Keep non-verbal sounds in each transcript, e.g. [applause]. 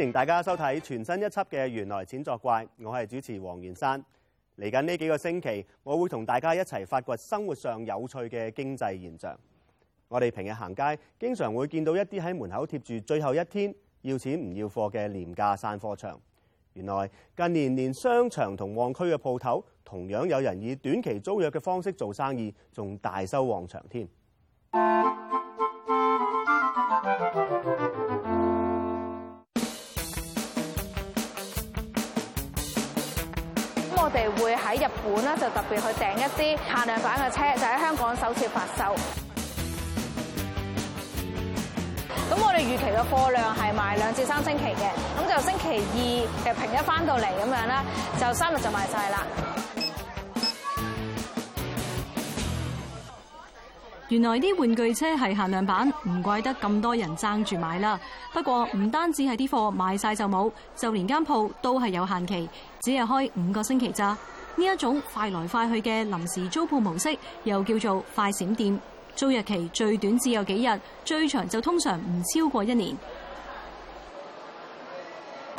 歡迎大家收睇全新一輯嘅《原來錢作怪》，我係主持黃元山。嚟緊呢幾個星期，我會同大家一齊發掘生活上有趣嘅經濟現象。我哋平日行街，經常會見到一啲喺門口貼住「最後一天要錢唔要貨」嘅廉價散貨場。原來近年連商場同旺區嘅鋪頭，同樣有人以短期租約嘅方式做生意，仲大收旺場添。 [music] 喺日本咧，就特別去訂一啲限量版嘅車，就喺香港首次發售。咁我哋預期嘅貨量係賣兩至三星期嘅，咁就星期二嘅平日翻到嚟咁樣啦，就三日就賣晒啦。原來啲玩具車係限量版，唔怪得咁多人爭住買啦。不過唔單止係啲貨賣晒就冇，就連間鋪都係有限期，只係開五個星期咋。呢一種快來快去嘅臨時租鋪模式，又叫做快閃店，租日期最短只有幾日，最長就通常唔超過一年。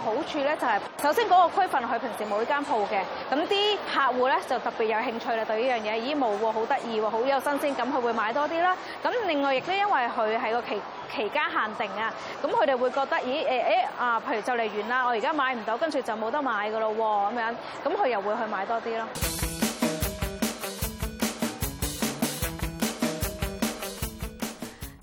好處咧就係，是，首先嗰個區份佢平時冇呢間鋪嘅，咁啲客戶咧就特別有興趣啦，對呢樣嘢，咦冇喎，好得意喎，好有新鮮感，咁佢會買多啲啦。咁另外亦都因為佢係個期期間限定啊，咁佢哋會覺得，咦、哎、啊、哎，譬如就嚟完啦，我而家買唔到，跟住就冇得買噶咯喎，咁樣，咁佢又會去買多啲咯。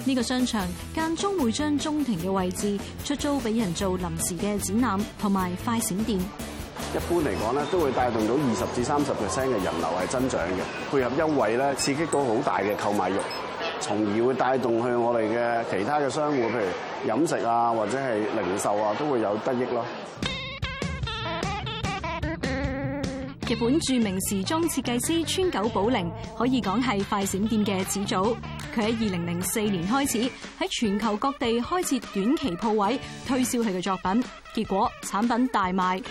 呢個商場間中會將中庭嘅位置出租俾人做臨時嘅展覽同埋快閃店。一般嚟講咧，都會帶動到二十至三十 percent 嘅人流係增長嘅，配合優惠咧，刺激到好大嘅購買欲，從而會帶動去我哋嘅其他嘅商戶，譬如飲食啊，或者係零售啊，都會有得益咯。日本著名時裝設計師川久保玲可以講係快閃店嘅始祖。佢喺二零零四年開始喺全球各地開設短期鋪位推銷佢嘅作品，結果產品大賣。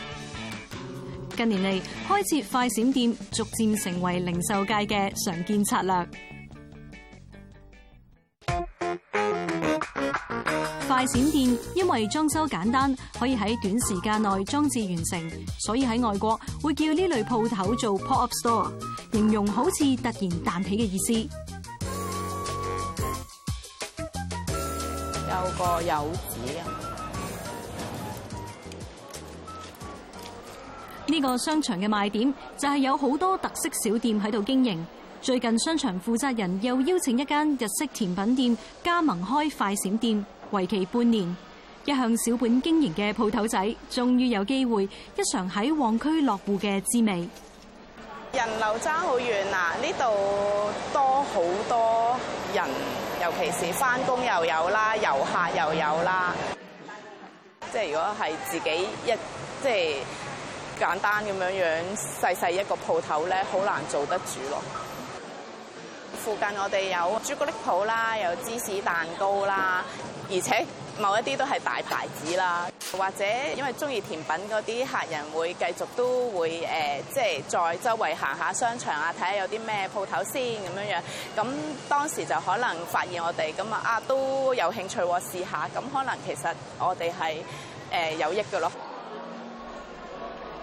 近年嚟，開設快閃店逐漸成為零售界嘅常見策略。快閃店，因為裝修簡單，可以喺短時間內裝置完成，所以喺外國會叫呢類店鋪頭做 pop-up store，形容好似突然彈起嘅意思。有個柚子呢個商場嘅賣點就係有好多特色小店喺度經營。最近商場負責人又邀請一間日式甜品店加盟開快閃店。為期半年，一向小本經營嘅鋪頭仔，終於有機會一嘗喺旺區落戶嘅滋味。人流爭好遠啊！呢度多好多人，尤其是返工又有啦，遊客又有啦。即係如果係自己一即係簡單咁樣樣，細細一個鋪頭咧，好難做得住咯。附近我哋有朱古力鋪啦，有芝士蛋糕啦。而且某一啲都係大牌子啦，或者因為中意甜品嗰啲客人會繼續都會誒、呃、即係在周圍行下商場啊，睇下有啲咩鋪頭先咁樣樣，咁當時就可能發現我哋咁啊，都有興趣試下。咁可能其實我哋係誒有益嘅咯。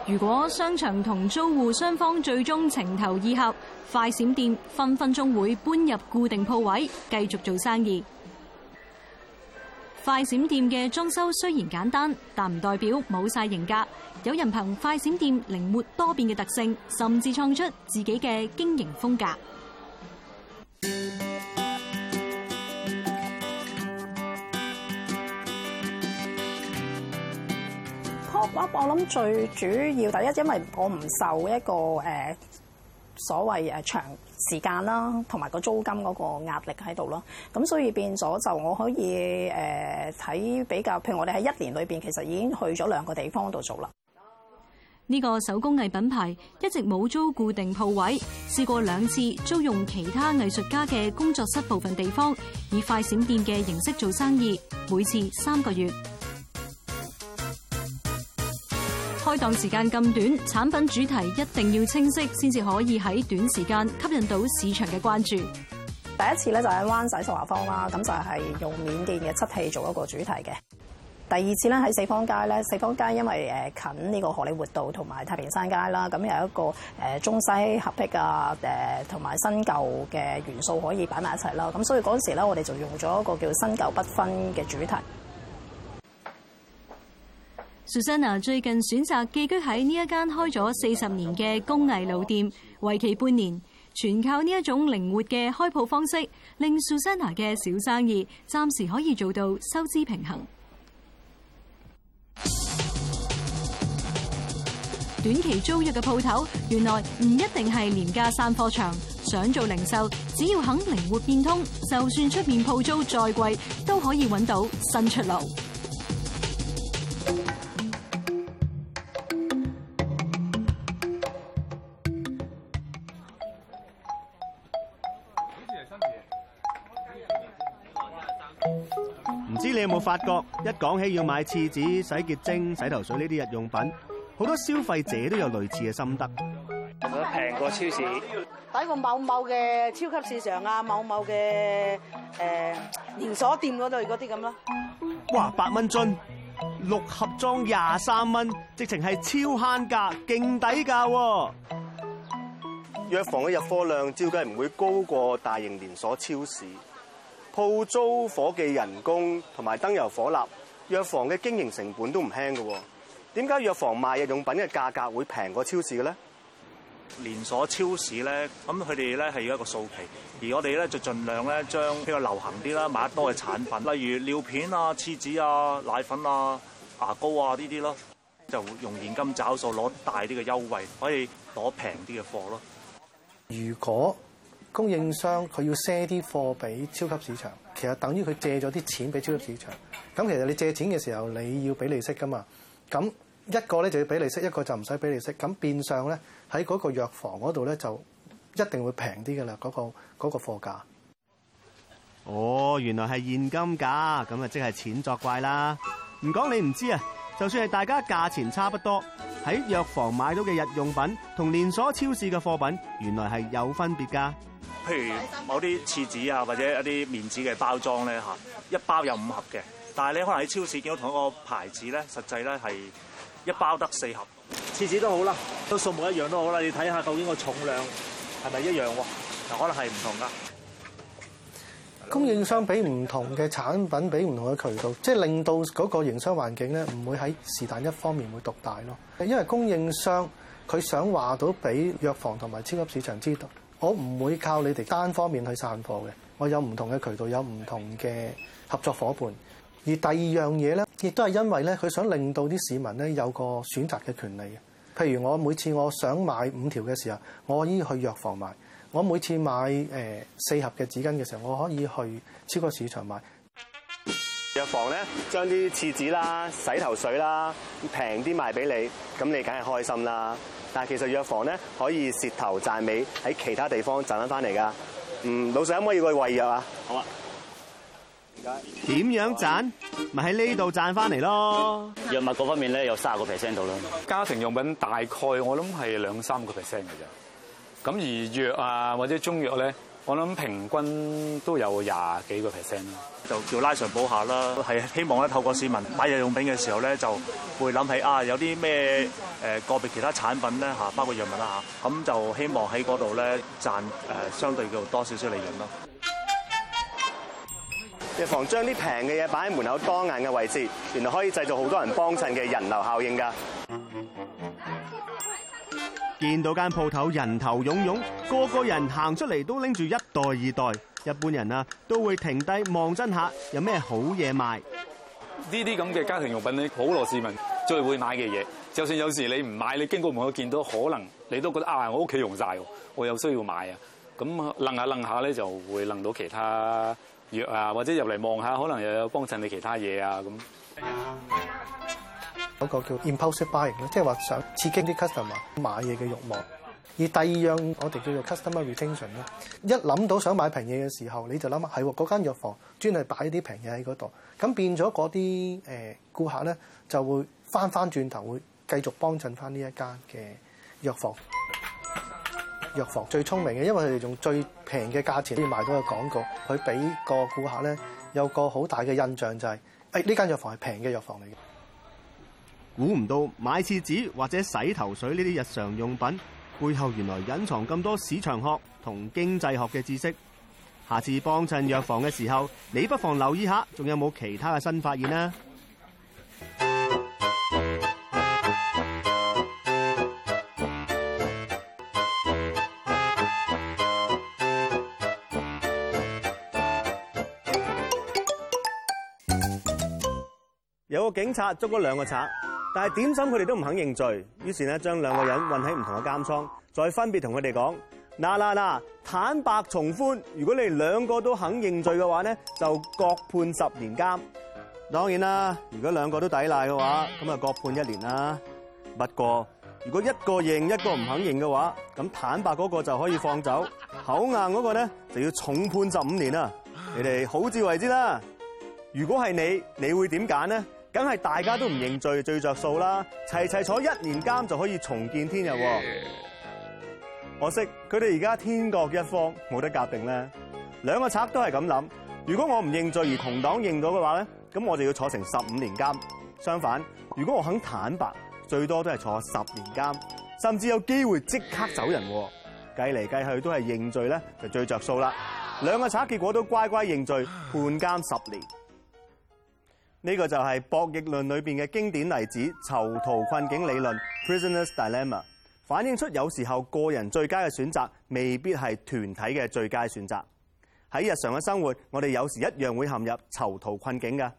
如果商場同租戶雙方最終情投意合，快閃店分分鐘會搬入固定鋪位，繼續做生意。快閃店嘅裝修雖然簡單，但唔代表冇晒型格。有人憑快閃店靈活多變嘅特性，甚至創出自己嘅經營風格。Pop up，我諗最主要第一，因為我唔受一個誒。所謂誒長時間啦，同埋個租金嗰個壓力喺度咯，咁所以變咗就我可以誒睇、呃、比較，譬如我哋喺一年裏面，其實已經去咗兩個地方度做啦。呢個手工藝品牌一直冇租固定鋪位，試過兩次租用其他藝術家嘅工作室部分地方，以快閃店嘅形式做生意，每次三個月。開檔時間咁短，產品主題一定要清晰，先至可以喺短時間吸引到市場嘅關注。第一次咧就喺灣仔秀華坊啦，咁就係、是、用緬甸嘅漆器做一個主題嘅。第二次咧喺四方街咧，四方街因為誒近呢個荷里活道同埋太平山街啦，咁有一個誒中西合璧啊，誒同埋新舊嘅元素可以擺埋一齊啦。咁所以嗰時咧我哋就用咗一個叫新舊不分嘅主題。Susanna 最近選擇寄居喺呢一間開咗四十年嘅工藝老店，為期半年，全靠呢一種靈活嘅開鋪方式，令 Susanna 嘅小生意暫時可以做到收支平衡。短期租約嘅鋪頭，原來唔一定係廉價散貨場，想做零售，只要肯靈活變通，就算出面鋪租再貴，都可以揾到新出路。知你有冇發覺，一講起要買廁紙、洗潔精、洗頭水呢啲日用品，好多消費者都有類似嘅心得。平過超市，抵過某某嘅超級市場啊，某某嘅誒、呃、連鎖店嗰類嗰啲,咁咯。哇，八蚊樽，六盒裝廿三蚊，直情係超慳價，勁抵價。藥房嘅入貨量照計唔會高過大型連鎖超市。鋪租、伙記人工同埋燈油火蠟，藥房嘅經營成本都唔輕嘅喎。點解藥房賣日用品嘅價格會平過超市嘅咧？連鎖超市咧，咁佢哋咧係要一個數期，而我哋咧就盡量咧將比較流行啲啦、買得多嘅產品，例如尿片啊、廁紙啊、奶粉啊、牙膏啊呢啲咯，就用現金找數攞大啲嘅優惠，可以攞平啲嘅貨咯。如果供應商佢要賒啲貨俾超級市場，其實等於佢借咗啲錢俾超級市場。咁其實你借錢嘅時候，你要俾利息噶嘛？咁一個咧就要俾利息，一個就唔使俾利息。咁變相咧喺嗰個藥房嗰度咧就一定會平啲㗎啦。嗰個嗰個貨價哦，原來係現金價咁啊，就即係錢作怪啦。唔講你唔知啊，就算係大家價錢差不多喺藥房買到嘅日用品同連鎖超市嘅貨品，原來係有分別㗎。譬如某啲廁紙啊，或者一啲面紙嘅包裝咧吓，一包有五盒嘅，但係你可能喺超市見到同一個牌子咧，實際咧係一包得四盒。廁紙都好啦，都數目一樣都好啦，你睇下究竟個重量係咪一樣喎？可能係唔同㗎。供應商俾唔同嘅產品俾唔同嘅渠道，即係令到嗰個營商環境咧唔會喺是但一方面會獨大咯。因為供應商佢想話到俾藥房同埋超級市場知道。我唔會靠你哋單方面去散貨嘅，我有唔同嘅渠道，有唔同嘅合作伙伴。而第二樣嘢咧，亦都係因為咧，佢想令到啲市民咧有個選擇嘅權利嘅。譬如我每次我想買五條嘅時候，我可以去藥房買；我每次買、呃、四盒嘅紙巾嘅時候，我可以去超級市場買。藥房咧，將啲廁紙啦、洗頭水啦，平啲賣俾你，咁你梗係開心啦。但係其實藥房咧可以蝕頭賺尾，喺其他地方賺翻翻嚟㗎。嗯，老細可唔可以去餵藥啊？好啊。點樣賺？咪喺呢度賺翻嚟咯。藥物嗰方面咧有卅個 percent 到啦。家庭用品大概我諗係兩三個 percent 嘅啫。咁而，而藥啊或者中藥咧？我諗平均都有廿幾個 percent 就叫拉上補下啦，係希望咧透過市民買日用品嘅時候咧，就會諗起啊有啲咩誒個別其他產品咧嚇，包括藥物啦嚇，咁就希望喺嗰度咧賺誒相對叫多少少利潤咯。藥房將啲平嘅嘢擺喺門口當眼嘅位置，原來可以製造好多人幫襯嘅人流效應㗎。見到間鋪頭人頭涌涌，個個人行出嚟都拎住一袋二袋，日本人啊都會停低望真下看看有咩好嘢賣。呢啲咁嘅家庭用品咧，普羅市民最會買嘅嘢。就算有時你唔買，你經過門口見到，可能你都覺得啊，我屋企用晒，我有需要買啊。咁楞下楞下咧，就會楞到其他藥啊，或者入嚟望下，可能又有幫襯你其他嘢啊咁。一個叫 impulsive buying 咯，即係話想刺激啲 customer 買嘢嘅慾望。而第二樣我哋叫做 customer retention，一諗到想買平嘢嘅時候，你就諗下，係喎，嗰間藥房專係擺啲平嘢喺嗰度，咁變咗嗰啲誒顧客咧就會翻翻轉頭會繼續幫襯翻呢一間嘅藥房。藥房最聰明嘅，因為佢哋用最平嘅價錢先買到個廣告，佢俾個顧客咧有個好大嘅印象就係誒呢間藥房係平嘅藥房嚟嘅。估唔到買廁紙或者洗頭水呢啲日常用品背後原來隱藏咁多市場學同經濟學嘅知識。下次幫襯藥房嘅時候，你不妨留意下，仲有冇其他嘅新發現啦！有個警察捉咗兩個賊。但係點審佢哋都唔肯認罪，於是咧將兩個人混喺唔同嘅監倉，再分別同佢哋講：嗱嗱嗱，坦白從寬，如果你兩個都肯認罪嘅話咧，就各判十年監。當然啦，如果兩個都抵賴嘅話，咁啊各判一年啦。不過如果一個認，一個唔肯認嘅話，咁坦白嗰個就可以放走，口硬嗰個咧就要重判十五年啦。你哋好自為之啦。如果係你，你會點揀呢？」梗係大家都唔認罪最着數啦，齊齊坐一年監就可以重見天日。可惜佢哋而家天各一方，冇得夾定咧。兩個賊都係咁諗，如果我唔認罪而同黨認到嘅話咧，咁我就要坐成十五年監。相反，如果我肯坦白，最多都係坐十年監，甚至有機會即刻走人。計嚟計去都係認罪咧，就最着數啦。兩個賊結果都乖乖認罪，判監十年。呢個就係博弈論裏面嘅經典例子囚徒困境理論 （prisoner's dilemma），反映出有時候個人最佳嘅選擇未必係團體嘅最佳選擇。喺日常嘅生活，我哋有時一樣會陷入囚徒困境㗎。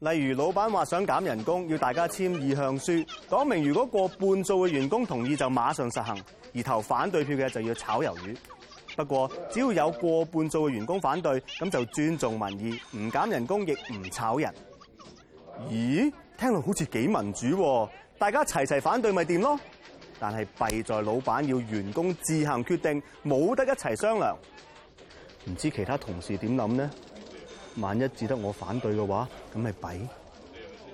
例如，老闆話想減人工，要大家簽意向書，講明如果過半數嘅員工同意就馬上實行，而投反對票嘅就要炒魷魚。不過，只要有過半數嘅員工反對，咁就尊重民意，唔減人工亦唔炒人。咦？聽落好似幾民主喎，哦，大家齊齊反對咪掂咯？但係弊在老闆要員工自行決定，冇得一齊商量。唔知其他同事點諗呢？萬一只得我反對嘅話，咁咪弊。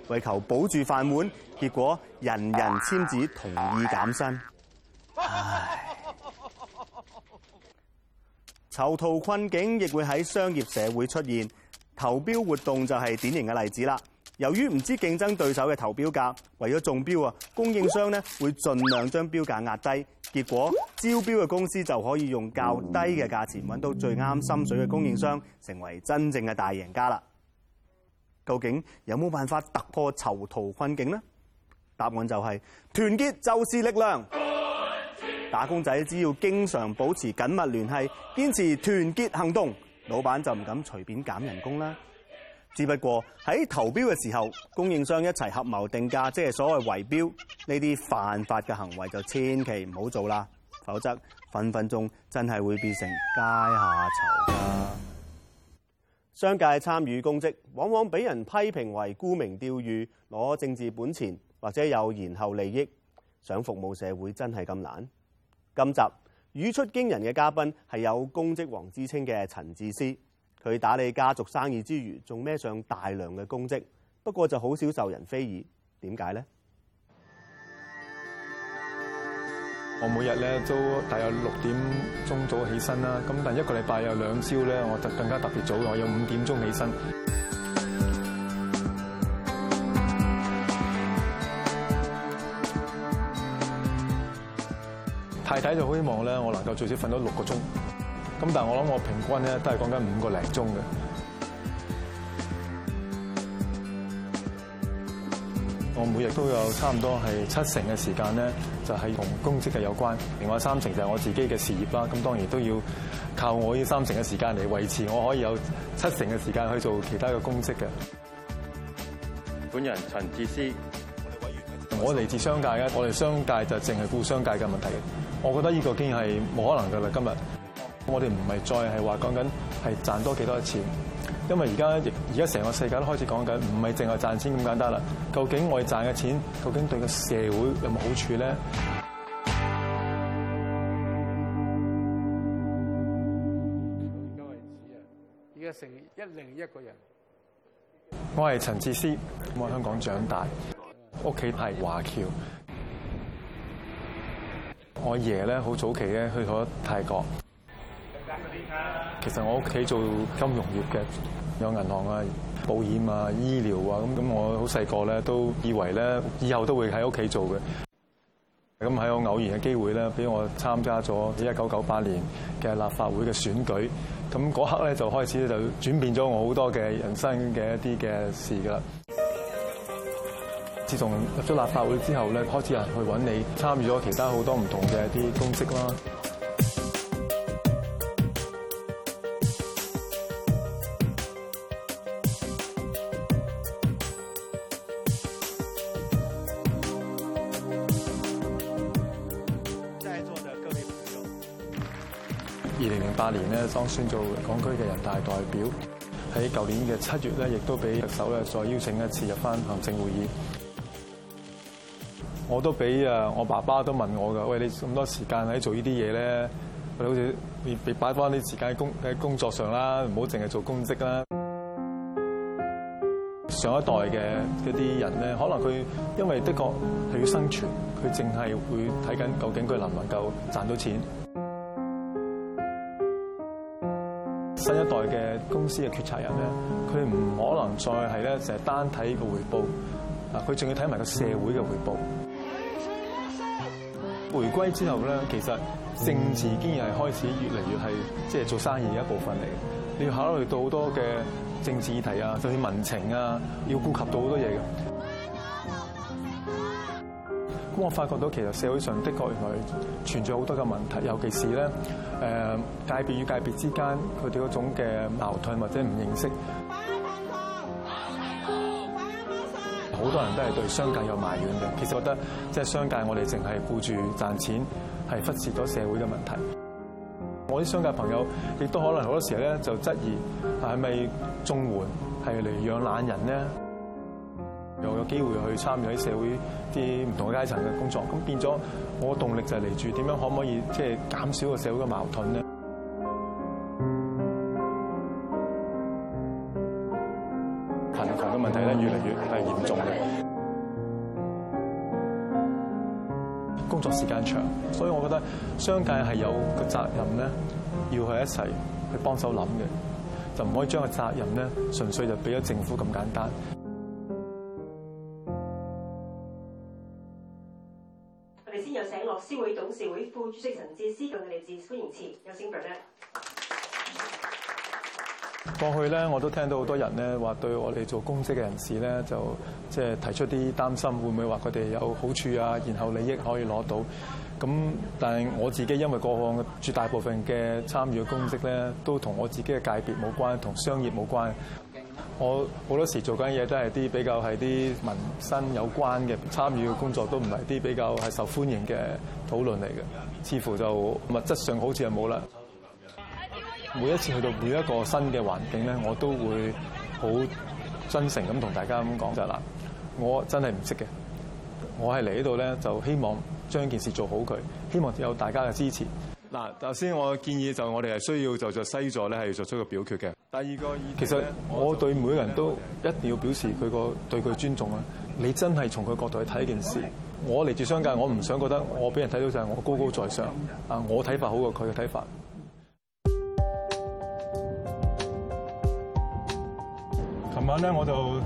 為求保住飯碗，結果人人簽字同意減薪。唉。唉。囚徒困境亦會喺商業社會出現，投標活動就係典型嘅例子啦。由於唔知競爭對手嘅投標價，為咗中標啊，供應商呢會盡量將標價壓低，結果招標嘅公司就可以用較低嘅價錢揾到最啱心水嘅供應商，成為真正嘅大贏家啦。究竟有冇辦法突破囚徒困境呢？答案就係團結就是力量。打工仔只要經常保持緊密聯繫，堅持團結行動，老闆就唔敢隨便減人工啦。只不過喺投標嘅時候，供應商一齊合謀定價，即係所謂圍標呢啲犯法嘅行為，就千祈唔好做啦。否則分分鐘真係會變成階下囚。商界參與公職，往往俾人批評為沽名釣譽、攞政治本錢，或者有延後利益。想服務社會真麼，真係咁難。今集語出驚人嘅嘉賓係有公職王之稱嘅陳智思，佢打理家族生意之餘，仲孭上大量嘅公職，不過就好少受人非議，點解呢？我每日咧都大約六點鐘早起身啦，咁但一個禮拜有兩朝咧，我就更加特別早，我有五點鐘起身。睇就好希望咧，我能夠最少瞓到六個鐘。咁，但係我諗我平均咧都係講緊五個零鐘嘅。我每日都有差唔多係七成嘅時間咧，就係同公職嘅有關。另外三成就係我自己嘅事業啦。咁當然都要靠我呢三成嘅時間嚟維持。我可以有七成嘅時間去做其他嘅公職嘅。本人陳智思。我嚟自商界嘅，我哋商界就淨係顧商界嘅問題。我覺得呢個竟然係冇可能噶啦。今日我哋唔係再係話講緊係賺多幾多錢，因為而家而家成個世界都開始講緊唔係淨係賺錢咁簡單啦。究竟我哋賺嘅錢究竟對個社會有冇好處咧？到而家為止啊，而家成一零一個人。我係陳智思，我喺香港長大。屋企係華僑，我阿爺咧好早期咧去咗泰國。其實我屋企做金融業嘅，有銀行啊、保險啊、醫療啊，咁咁我好細個咧都以為咧以後都會喺屋企做嘅。咁喺我偶然嘅機會咧，俾我參加咗一九九八年嘅立法會嘅選舉，咁嗰刻咧就開始咧就轉變咗我好多嘅人生嘅一啲嘅事㗎喇。自從入咗立法會之後咧，開始人去揾你參與咗其他好多唔同嘅一啲公職啦。在座嘅各位朋友，二零零八年咧當選做港區嘅人大代表，喺舊年嘅七月咧，亦都俾特首咧再邀請一次入返行政會議。我都俾啊，我爸爸都問我㗎。喂，你咁多時間喺做這些呢啲嘢咧，喂，你好似別別擺翻啲時間喺工喺工作上啦，唔好淨係做公職啦。上一代嘅一啲人咧，可能佢因為的確係要生存，佢淨係會睇緊究竟佢能唔能夠賺到錢。嗯、新一代嘅公司嘅決策人咧，佢唔可能再係咧就係單睇個回報啊！佢仲要睇埋個社會嘅回報。他回歸之後咧，其實政治竟然係開始越嚟越係即係做生意嘅一部分嚟嘅。你要考慮到好多嘅政治議題啊，就算民情啊，要顧及到好多嘢嘅。咁我發覺到其實社會上的確原來存在好多嘅問題，尤其是咧，誒界別與界別之間佢哋嗰種嘅矛盾或者唔認識。可能都係對商界有埋怨嘅，其實我覺得即係商界，我哋淨係顧住賺錢，係忽視咗社會嘅問題。我啲商界朋友亦都可能好多時候咧就質疑係咪綜援係嚟養懶人咧？又有機會去參與啲社會啲唔同嘅階層嘅工作，咁變咗我嘅動力就係嚟住點樣可唔可以即係減少個社會嘅矛盾咧？商界係有個責任咧，要係一齊去幫手諗嘅，就唔可以將個責任咧純粹就俾咗政府咁簡單。我哋先有請律思會董事會副主席陳志思律師同佢哋致歡迎詞，有請佢咧。過去咧，我都聽到好多人咧話對我哋做公職嘅人士咧，就即係提出啲擔心，會唔會話佢哋有好處啊？然後利益可以攞到？咁，但係我自己因為過往絕大部分嘅參與嘅公職咧，都同我自己嘅界別冇關，同商業冇關。我好多時做緊嘢都係啲比較係啲民生有關嘅參與嘅工作，都唔係啲比較係受歡迎嘅討論嚟嘅，似乎就物質上好似係冇啦。每一次去到每一個新嘅環境咧，我都會好真誠咁同大家咁講就係啦，我真係唔識嘅。我係嚟呢度咧，就希望。將件事做好佢，希望有大家嘅支持。嗱，頭先我建議就我哋係需要就就西座咧係作出個表決嘅。第二個，其實我對每個人都一定要表示佢個對佢尊重啊！你真係從佢角度去睇件事。Okay. 我嚟自商界，我唔想覺得我俾人睇到就係我高高在上啊！我睇法好過佢嘅睇法。琴晚咧我就。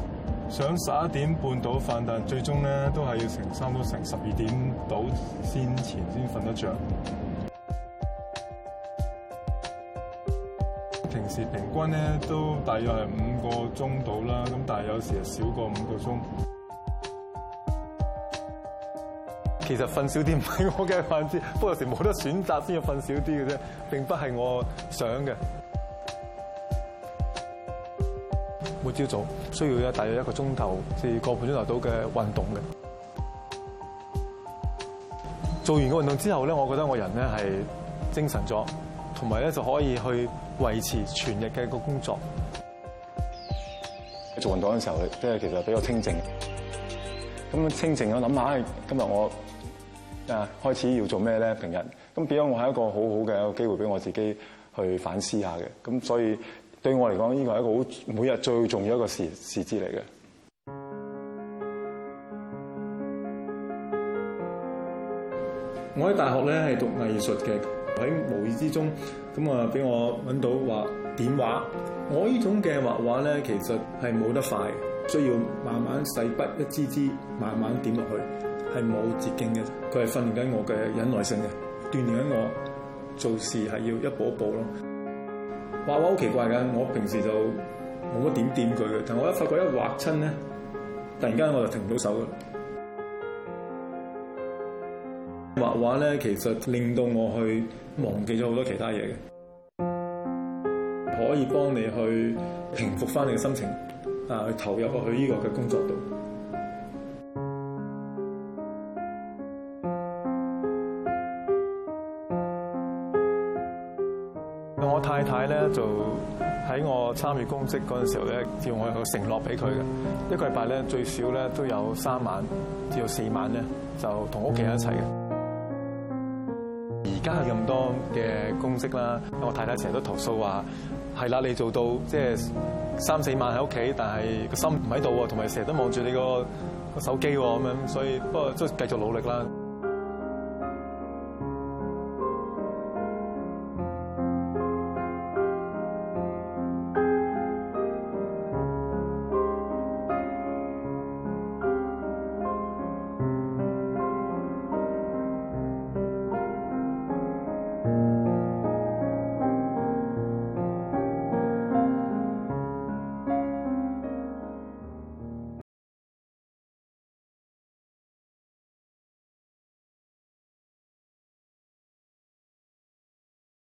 想十一點半到瞓，但最終咧都係要成三多成十二點到先前先瞓得着。平時平均咧都大約係五個鐘到啦，咁但係有時又少過五個鐘。其實瞓少啲唔係我嘅慣知，不過有時冇得選擇先要瞓少啲嘅啫，並不係我想嘅。每朝早需要有大約一個鐘頭至個半鐘頭到嘅運動嘅。做完個運動之後咧，我覺得我人咧係精神咗，同埋咧就可以去維持全日嘅個工作。做運動嘅時候，即係其實比較清靜。咁清靜，我諗下，今日我啊開始要做咩咧？平日咁變咗，我係一個好好嘅一個機會俾我自己去反思下嘅。咁所以。對我嚟講，呢個係一個好每日最重要的一個時時節嚟嘅。我喺大學咧係讀藝術嘅，喺無意之中咁啊，俾我揾到話點畫。我這種的畫畫呢種嘅畫畫咧，其實係冇得快，需要慢慢細筆一支支慢慢點落去，係冇捷徑嘅。佢係訓練緊我嘅忍耐性嘅，鍛鍊緊我做事係要一步一步咯。畫畫好奇怪嘅，我平時就冇乜點掂佢嘅，但我一發覺一畫親咧，突然間我就停唔到手嘅。畫畫咧，其實令到我去忘記咗好多其他嘢嘅，可以幫你去平復翻你嘅心情，啊，去投入過去呢個嘅工作度。就喺我參與公職嗰陣時候咧，叫我有個承諾俾佢嘅，一個禮拜咧最少咧都有三萬至到四萬咧，就同屋企人一齊嘅。而家咁多嘅公職啦，我太太成日都投訴話，係啦，你做到即係三四萬喺屋企，但係個心唔喺度喎，同埋成日都望住你個個手機喎，咁樣，所以不過都繼續努力啦。